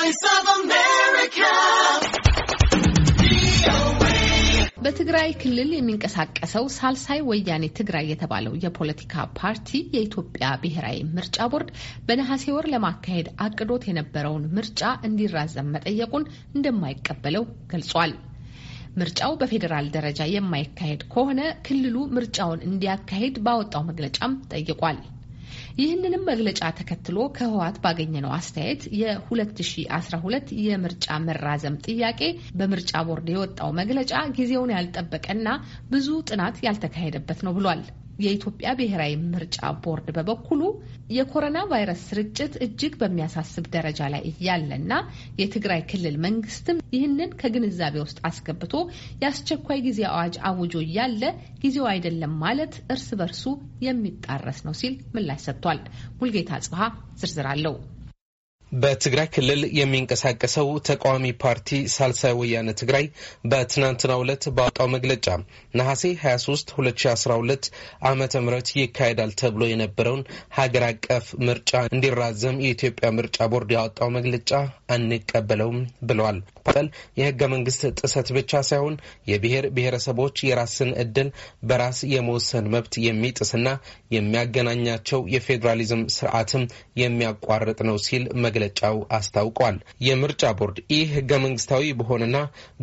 Voice of America. በትግራይ ክልል የሚንቀሳቀሰው ሳልሳይ ወያኔ ትግራይ የተባለው የፖለቲካ ፓርቲ የኢትዮጵያ ብሔራዊ ምርጫ ቦርድ በነሐሴ ወር ለማካሄድ አቅዶት የነበረውን ምርጫ እንዲራዘም መጠየቁን እንደማይቀበለው ገልጿል። ምርጫው በፌዴራል ደረጃ የማይካሄድ ከሆነ ክልሉ ምርጫውን እንዲያካሄድ ባወጣው መግለጫም ጠይቋል። ይህንንም መግለጫ ተከትሎ ከህወሓት ባገኘነው አስተያየት የ2012 የምርጫ መራዘም ጥያቄ በምርጫ ቦርድ የወጣው መግለጫ ጊዜውን ያልጠበቀና ብዙ ጥናት ያልተካሄደበት ነው ብሏል። የኢትዮጵያ ብሔራዊ ምርጫ ቦርድ በበኩሉ የኮሮና ቫይረስ ስርጭት እጅግ በሚያሳስብ ደረጃ ላይ እያለና የትግራይ ክልል መንግስትም ይህንን ከግንዛቤ ውስጥ አስገብቶ የአስቸኳይ ጊዜ አዋጅ አውጆ እያለ ጊዜው አይደለም ማለት እርስ በርሱ የሚጣረስ ነው ሲል ምላሽ ሰጥቷል። ሙልጌታ ጽብሃ ዝርዝር አለው። በትግራይ ክልል የሚንቀሳቀሰው ተቃዋሚ ፓርቲ ሳልሳይ ወያነ ትግራይ በትናንትናው ዕለት ባወጣው መግለጫ ነሐሴ 23 2012 ዓ ም ይካሄዳል ተብሎ የነበረውን ሀገር አቀፍ ምርጫ እንዲራዘም የኢትዮጵያ ምርጫ ቦርድ ያወጣው መግለጫ አንቀበለውም ብለዋል። ጠል የህገ መንግስት ጥሰት ብቻ ሳይሆን የብሔር ብሔረሰቦች የራስን እድል በራስ የመወሰን መብት የሚጥስና የሚያገናኛቸው የፌዴራሊዝም ስርዓትም የሚያቋርጥ ነው ሲል መግለ በመግለጫው አስታውቋል። የምርጫ ቦርድ ይህ ህገ መንግስታዊ በሆነና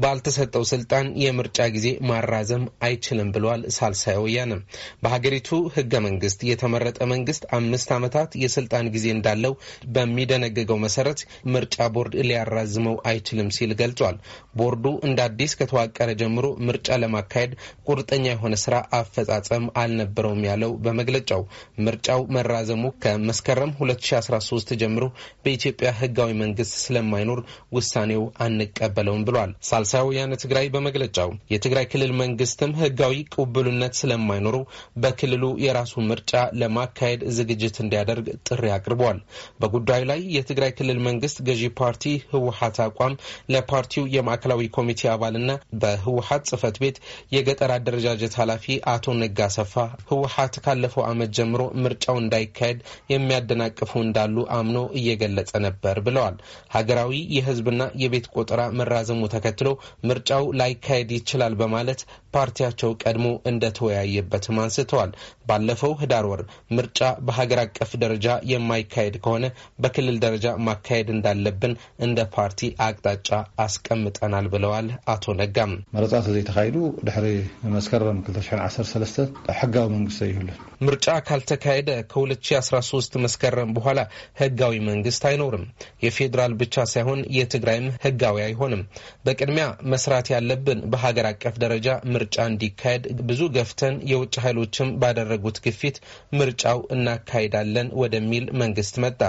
ባልተሰጠው ስልጣን የምርጫ ጊዜ ማራዘም አይችልም ብሏል። ሳልሳይ ወያነም በሀገሪቱ ህገ መንግስት የተመረጠ መንግስት አምስት ዓመታት የስልጣን ጊዜ እንዳለው በሚደነግገው መሰረት ምርጫ ቦርድ ሊያራዝመው አይችልም ሲል ገልጿል። ቦርዱ እንደ አዲስ ከተዋቀረ ጀምሮ ምርጫ ለማካሄድ ቁርጠኛ የሆነ ስራ አፈጻጸም አልነበረውም ያለው በመግለጫው ምርጫው መራዘሙ ከመስከረም 2013 ጀምሮ በኢትዮ በኢትዮጵያ ህጋዊ መንግስት ስለማይኖር ውሳኔው አንቀበለውም ብሏል። ሳልሳይ ወያነ ትግራይ በመግለጫው የትግራይ ክልል መንግስትም ህጋዊ ቅቡልነት ስለማይኖረው በክልሉ የራሱ ምርጫ ለማካሄድ ዝግጅት እንዲያደርግ ጥሪ አቅርቧል። በጉዳዩ ላይ የትግራይ ክልል መንግስት ገዢ ፓርቲ ህወሀት አቋም ለፓርቲው የማዕከላዊ ኮሚቴ አባልና በህወሀት ጽህፈት ቤት የገጠር አደረጃጀት ኃላፊ አቶ ነጋ ሰፋ ህወሀት ካለፈው ዓመት ጀምሮ ምርጫው እንዳይካሄድ የሚያደናቅፉ እንዳሉ አምኖ እየገለጸ ነበር ብለዋል። ሀገራዊ የህዝብና የቤት ቆጠራ መራዘሙ ተከትሎ ምርጫው ላይካሄድ ይችላል በማለት ፓርቲያቸው ቀድሞ እንደተወያየበትም አንስተዋል። ባለፈው ህዳር ወር ምርጫ በሀገር አቀፍ ደረጃ የማይካሄድ ከሆነ በክልል ደረጃ ማካሄድ እንዳለብን እንደ ፓርቲ አቅጣጫ አስቀምጠናል ብለዋል። አቶ ነጋም መረፃት ተካሂዱ ድሕሪ መስከረም 2013 ሕጋዊ መንግስት ይህሉን ምርጫ ካልተካሄደ ከ2013 መስከረም በኋላ ህጋዊ መንግስት አይኖ አይኖርም። የፌዴራል ብቻ ሳይሆን የትግራይም ህጋዊ አይሆንም። በቅድሚያ መስራት ያለብን በሀገር አቀፍ ደረጃ ምርጫ እንዲካሄድ ብዙ ገፍተን የውጭ ኃይሎችም ባደረጉት ግፊት ምርጫው እናካሄዳለን ወደሚል መንግስት መጣ።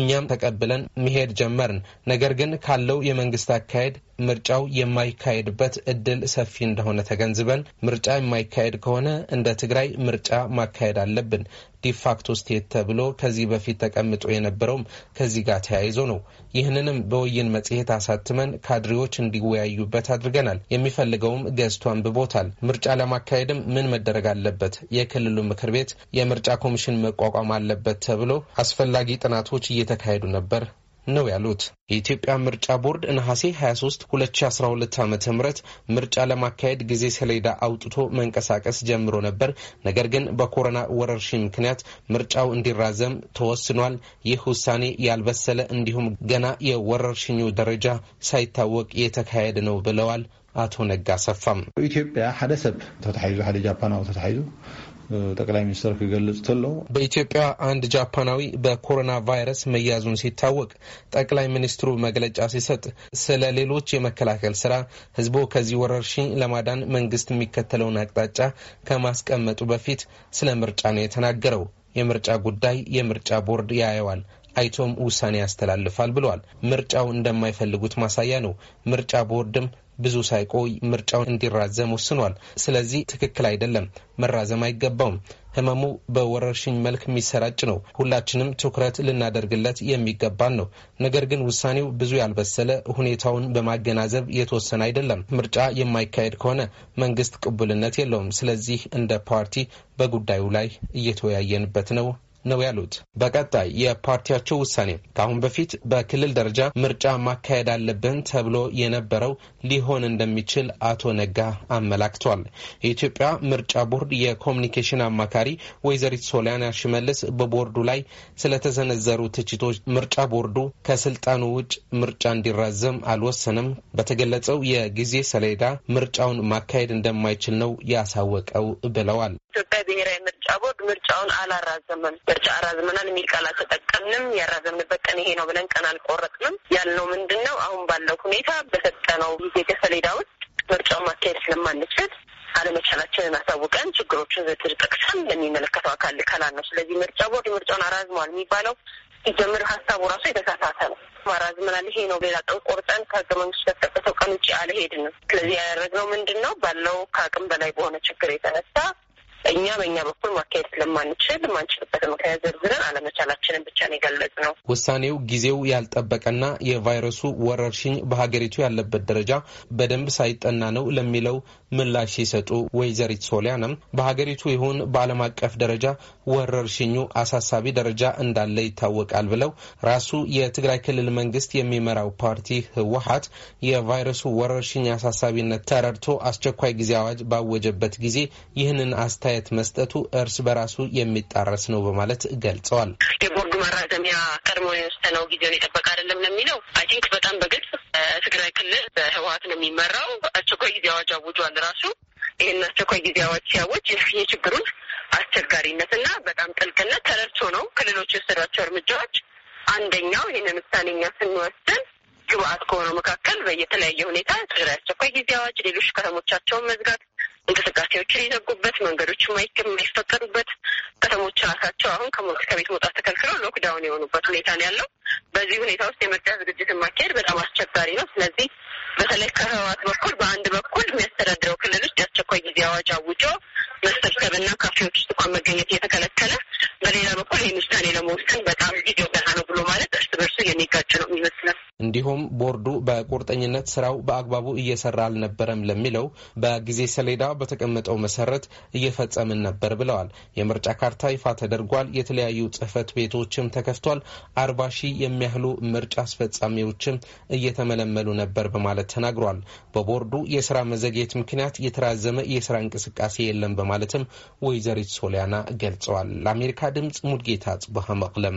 እኛም ተቀብለን መሄድ ጀመርን። ነገር ግን ካለው የመንግስት አካሄድ ምርጫው የማይካሄድበት እድል ሰፊ እንደሆነ ተገንዝበን ምርጫ የማይካሄድ ከሆነ እንደ ትግራይ ምርጫ ማካሄድ አለብን። ዲፋክቶ ስቴት ተብሎ ከዚህ በፊት ተቀምጦ የነበረውም ከዚህ ጋር ተያይዞ ነው። ይህንንም በወይን መጽሔት አሳትመን ካድሬዎች እንዲወያዩበት አድርገናል። የሚፈልገውም ገዝቶ አንብቦታል። ምርጫ ለማካሄድም ምን መደረግ አለበት፣ የክልሉ ምክር ቤት የምርጫ ኮሚሽን መቋቋም አለበት ተብሎ አስፈላጊ ጥናቶች እየተካሄዱ ነበር። ነው ያሉት። የኢትዮጵያ ምርጫ ቦርድ ነሐሴ 23 2012 ዓ ም ምርጫ ለማካሄድ ጊዜ ሰሌዳ አውጥቶ መንቀሳቀስ ጀምሮ ነበር። ነገር ግን በኮሮና ወረርሽኝ ምክንያት ምርጫው እንዲራዘም ተወስኗል። ይህ ውሳኔ ያልበሰለ እንዲሁም ገና የወረርሽኙ ደረጃ ሳይታወቅ የተካሄደ ነው ብለዋል። አቶ ነጋ ሰፋም ኢትዮጵያ ሓደ ሰብ ተታሒዙ ሓደ ጃፓናዊ ተታሒዙ ጠቅላይ ሚኒስትር ክገልጽ ከሎ በኢትዮጵያ አንድ ጃፓናዊ በኮሮና ቫይረስ መያዙን ሲታወቅ ጠቅላይ ሚኒስትሩ መግለጫ ሲሰጥ ስለ ሌሎች የመከላከል ስራ ህዝቡ ከዚህ ወረርሽኝ ለማዳን መንግስት የሚከተለውን አቅጣጫ ከማስቀመጡ በፊት ስለ ምርጫ ነው የተናገረው። የምርጫ ጉዳይ የምርጫ ቦርድ ያየዋል። አይቶም ውሳኔ ያስተላልፋል ብለዋል። ምርጫው እንደማይፈልጉት ማሳያ ነው። ምርጫ ቦርድም ብዙ ሳይቆይ ምርጫው እንዲራዘም ወስኗል። ስለዚህ ትክክል አይደለም፣ መራዘም አይገባውም። ህመሙ በወረርሽኝ መልክ የሚሰራጭ ነው። ሁላችንም ትኩረት ልናደርግለት የሚገባን ነው። ነገር ግን ውሳኔው ብዙ ያልበሰለ ሁኔታውን በማገናዘብ የተወሰነ አይደለም። ምርጫ የማይካሄድ ከሆነ መንግስት ቅቡልነት የለውም። ስለዚህ እንደ ፓርቲ በጉዳዩ ላይ እየተወያየንበት ነው ነው ያሉት። በቀጣይ የፓርቲያቸው ውሳኔ ከአሁን በፊት በክልል ደረጃ ምርጫ ማካሄድ አለብን ተብሎ የነበረው ሊሆን እንደሚችል አቶ ነጋ አመላክቷል። የኢትዮጵያ ምርጫ ቦርድ የኮሚኒኬሽን አማካሪ ወይዘሪት ሶሊያና ሽመልስ በቦርዱ ላይ ስለተሰነዘሩ ትችቶች ምርጫ ቦርዱ ከስልጣኑ ውጭ ምርጫ እንዲራዘም አልወሰንም፣ በተገለጸው የጊዜ ሰሌዳ ምርጫውን ማካሄድ እንደማይችል ነው ያሳወቀው ብለዋል። የኢትዮጵያ ብሔራዊ ምርጫ ቦርድ ምርጫውን አላራዘመም፣ ምርጫ አራዝመናል የሚል ቃል አልተጠቀምንም። ያራዘምንበት ቀን ይሄ ነው ብለን ቀን አልቆረጥንም። ያልነው ምንድን ነው አሁን ባለው ሁኔታ በሰጠነው ጊዜ ሰሌዳ ውስጥ ምርጫውን ማካሄድ ስለማንችል አለመቻላችንን አሳውቀን ችግሮችን ዝርዝር ጠቅሰን ለሚመለከተው አካል ልከናል ነው። ስለዚህ ምርጫ ቦርድ ምርጫውን አራዝመዋል የሚባለው ሲጀምር ሀሳቡ ራሱ የተሳሳተ ነው። አራዝመናል ይሄ ነው ሌላ ቀን ቆርጠን ከህገ መንግስት ተጠቀሰው ቀን ውጭ አልሄድንም። ስለዚህ ያደረግነው ምንድን ነው ባለው ከአቅም በላይ በሆነ ችግር የተነሳ እኛ በእኛ በኩል ማካሄድ ስለማንችል ማንችልበት ምክንያት ዘርዝረን አለመቻላችንን ብቻ ነው የገለጽ ነው። ውሳኔው ጊዜው ያልጠበቀና የቫይረሱ ወረርሽኝ በሀገሪቱ ያለበት ደረጃ በደንብ ሳይጠና ነው ለሚለው ምላሽ ሲሰጡ ወይዘሪት ሶሊያንም በሀገሪቱ ይሁን በዓለም አቀፍ ደረጃ ወረርሽኙ አሳሳቢ ደረጃ እንዳለ ይታወቃል ብለው ራሱ የትግራይ ክልል መንግስት የሚመራው ፓርቲ ህወሀት የቫይረሱ ወረርሽኝ አሳሳቢነት ተረድቶ አስቸኳይ ጊዜ አዋጅ ባወጀበት ጊዜ ይህንን አስተያየ አስተያየት መስጠቱ እርስ በራሱ የሚጣረስ ነው በማለት ገልጸዋል። የቦርዱ ማራዘሚያ ቀድሞ የወሰነው ጊዜውን የጠበቀ አይደለም ነው የሚለው አይ ቲንክ በጣም በግልጽ ትግራይ ክልል በህወሀት ነው የሚመራው። አስቸኳይ ጊዜ አዋጅ አውጇል ራሱ ይህን አስቸኳይ ጊዜ አዋጅ ሲያወጅ የችግሩን አስቸጋሪነትና በጣም ጥልቅነት ተረድቶ ነው ክልሎች የወሰዷቸው እርምጃዎች። አንደኛው ይህን ውሳኔ እኛ ስንወስን ግብአት ከሆነው መካከል በየተለያየ ሁኔታ ትግራይ አስቸኳይ ጊዜ አዋጅ፣ ሌሎች ከተሞቻቸውን መዝጋት እንቅስቃሴዎችን የዘጉበት፣ መንገዶች የማይፈቀዱበት፣ ከተሞች ራሳቸው አሁን ከቤት መውጣት ተከልክለው ሎክዳውን የሆኑበት ሁኔታ ነው ያለው። በዚህ ሁኔታ ውስጥ የምርጫ ዝግጅትን ማካሄድ በጣም አስቸጋሪ ነው። ስለዚህ በተለይ ከህወሓት በኩል በአንድ በኩል የሚያስተዳድረው ክልሎች የአስቸኳይ ጊዜ አዋጅ አውጆ መሰብሰብና ካፌዎች ውስጥ እንኳን መገኘት እየተከለከለ በሌላ በኩል ይህ ውሳኔ ለመወሰን በጣም ጊዜ ገና ነው ብሎ ማለት እርስ በርሱ የሚጋጭ ነው የሚመስለው። እንዲሁም ቦርዱ በቁርጠኝነት ስራው በአግባቡ እየሰራ አልነበረም ለሚለው በጊዜ ሰሌዳ በተቀመጠው መሰረት እየፈጸምን ነበር ብለዋል። የምርጫ ካርታ ይፋ ተደርጓል። የተለያዩ ጽህፈት ቤቶችም ተከፍቷል። አርባ ሺህ የሚያህሉ ምርጫ አስፈጻሚዎችም እየተመለመሉ ነበር በማለት ተናግሯል። በቦርዱ የስራ መዘግየት ምክንያት የተራዘመ የስራ እንቅስቃሴ የለም በማለትም ወይዘሪት ሶሊያና ገልጸዋል። ለአሜሪካ ድምፅ ሙድጌታ ጽቡሃ መቅለም